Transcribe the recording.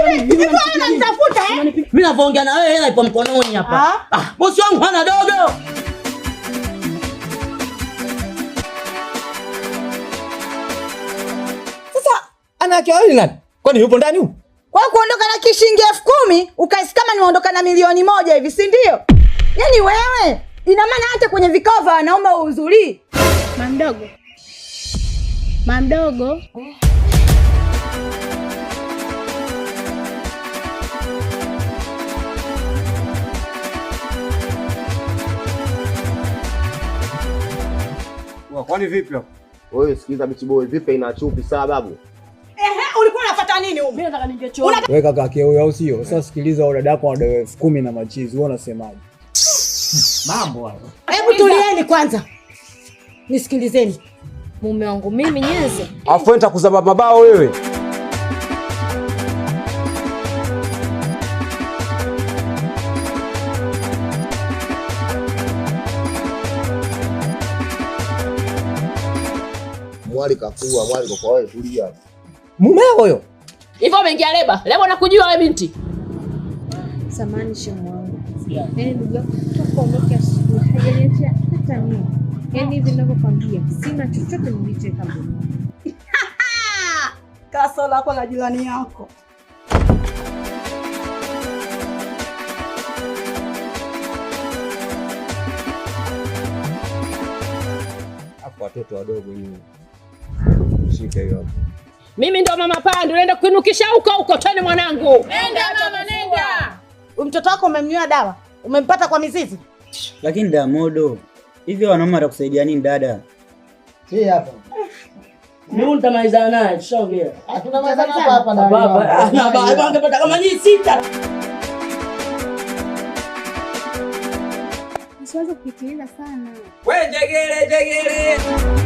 Mimi ninapoongea na wewe hela ipo mkononi hapa. Ah, ah bosi wangu hana dogo. Sasa anaacha wewe nani? Kwani yupo ndani huko? Kwa kuondoka na kishingi elfu kumi ukaisi kama nimeondoka na milioni moja hivi, si ndio? Yaani wewe ina maana hata kwenye vikao vya wanaume uhudhurii. Mamdogo. Mamdogo. Oh. hapa. Kwani vipi hapa? Wewe sikiliza bichi boy, vipi ina chupi sawa babu? Ehe, ulikuwa unafuata nini huko? Mimi nataka ninge choo. Wewe kaka yake huyo au sio? Sasa sikiliza wao dadako wana elfu kumi na machizi. Wewe unasemaje? Mambo hayo. Hebu tulieni kwanza. Nisikilizeni. Mume wangu mimi nyeze. Afu enta mabao wewe. mwali kakua mwali kwa kwa wewe tulia. Mumeo huyo. Hivyo umeingia leba. Leba nakujua wewe binti. Samani shemu wangu. Yaani ndugu yako kutoka ondoka asubuhi. Hajaniacha hata mimi. Yaani hivi ninavyokwambia sina chochote nilicheka kama. Kaso lako la jirani yako. Watoto wadogo nyinyi. Shika hiyo. Mimi ndo mama Pandu, naenda kuinukisha huko huko. Twende mwanangu. Nenda mama, nenda. Mtoto wako umemnywea dawa, umempata kwa mizizi. Lakini modo hivyo wanaume watakusaidia nini dada? Si hapa. Mimi nitamaliza naye, tushaongea. Hatuna mazana hapa na baba. Na baba angepata kama nyinyi sita. Msiweze kupitiliza sana. Wewe jegele jegele.